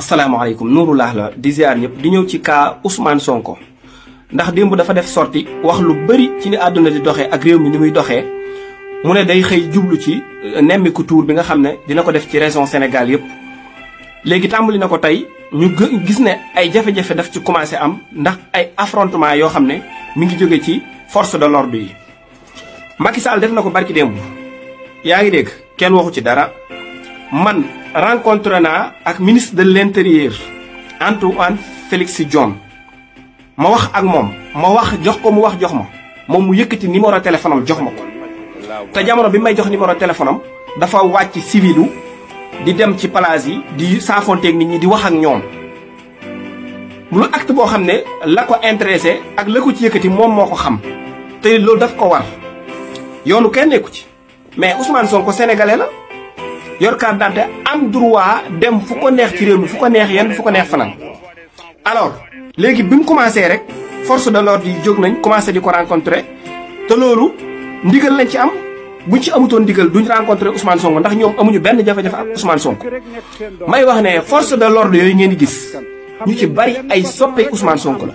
asalaamaaleykum nuuru laax la di ziar ñëpp di ñëw ci cas Ousmane Sonko ndax démb dafa def sorti wax lu bëri ci ni àdduna di doxee ak réew mi ni muy doxee mu ne day xëy jublu ci euh, nemmiku tuur bi nga xam ne dina ko def ci région senegal yëpp. léegi tàmbali na ko tey ñu gis ne ay jafe-jafe daf ci commencé am ndax ay affrontement yoo xam ne mi ngi jóge ci force de l'ordre yi Macky Sall def na ko barki démb yaa ngi dégg kenn waxu ci dara. man rencontre naa ak ministre de l'intérieur Antoine Félix Diome ma wax ak moom ma wax jox ko mu wax jox ma moom mu yëkkati numéro téléphone am jox ma ko te jamono bi may jox numéro téléphone am dafa wàcc civilu di dem ci palaas yi di saafonteeg nit ñi di wax ak ñoom lu acte boo xam ne la ko intéressé ak la ko ci yëkkati moom moo ko xam te loolu daf ko war yoonu kenn nekku ci mais Ousmane Sonko sénégalais la yor carte d'identité am droit dem fu ko neex ci réew mi fu ko neex yenn fu ko neex fanaan alors léegi bi mu commencé rek force de l'ordre yi jóg nañ commencé di ko rencontrer te loolu ndigal nañ ci am buñ ci amutoon ndigal duñ rencontrer Ousmane Sonko ndax ñoom amuñu benn jafe-jafe ak Ousmane Sonko may wax ne force de l'ordre yooyu ngeen di gis ñu ci bari ay soppe Ousmane Sonko la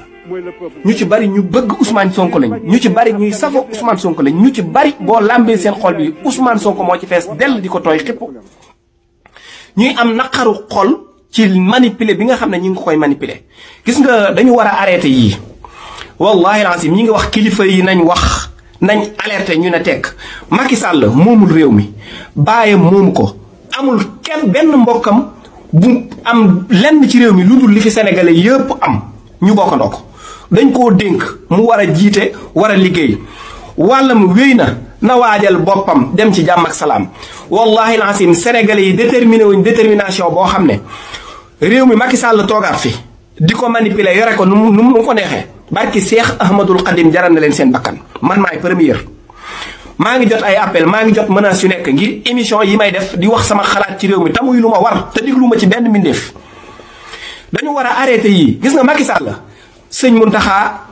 ñu ci bari ñu bëgg Ousmane sonk lañ ñu ci bari ñuy safo Ousmane sonk lañ ñu ci bari boo làmbee seen xol bi Ousmane Sonko moo ci fees dell di ko tooy xëpp ñuy am naqaru xol ci manipuler bi nga xam ne ñu ngi koy manipuler gis nga dañu war a arrêté yii wallahi lancim ñi ngi wax kilifa yi nañ wax nañ alerté ñu ne tekk Macky Sall moomul réew mi bàyyam moomu ko amul kenn benn mbokkam bu am lenn ci réew mi lu dul li fi sénégalais yëpp am ñu bokkandoo ko dañ koo dénk mu war a jiite war a liggéey wàllam wéy na na waajal boppam dem ci jàmm ak salaam wallahi laasim sénégalais yi déterminé wuñ détermination boo xam ne réew mi Macky Sall toogaat fi di ko manipuler yore ko nu mu nu mu ko neexee barki Seex Ahmadul Xadim jaral na leen seen bakkan man maay première maa ngi jot ay appel maa ngi jot menace yu nekk ngir émission yi may def di wax sama xalaat ci réew mi tamuy lu ma war te diglu ma ci benn mbindeef dañu war a arrêté yi gis nga Macky Sall sëñ taxaa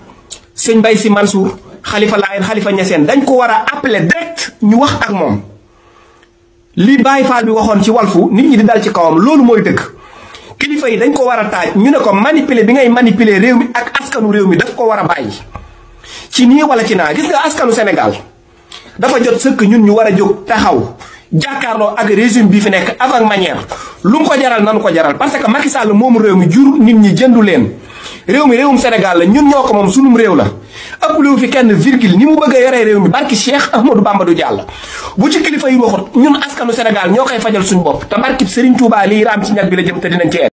sëñ mbay Si Mansour xalifa Laayeen xalifa Ñaseen dañ ko war a appeler direct ñu wax ak moom li Baay Faal bi waxoon ci walfu nit ñi di dal ci kawam loolu mooy dëkk kilifa yi dañ ko war a taaj ñu ne ko manipuler bi ngay manipuler réew mi ak askanu réew mi daf ko war a bàyyi ci nii wala ci naa gis nga askanu senegal dafa jot sëkk ñun ñu war a jóg taxaw jàkkaarloo ak régime bi fi nekk avant manière lu mu ko jaral nanu ko jaral parce que Macky Sall moomu réew mi jur nit ñi jëndu leen réew mi réewum Sénégal la ñun ñoo ko moom sunum réew la ëppaliwu fi kenn virgule ni mu bëgg a yoree réew mi barki Cheikh a Bamba du jàll bu ci kilifa yi waxut ñun askanu Sénégal ñoo koy fajal suñu bopp te barkib Serigne Touba liy raam ci ñag bi la jëm te dinañ ci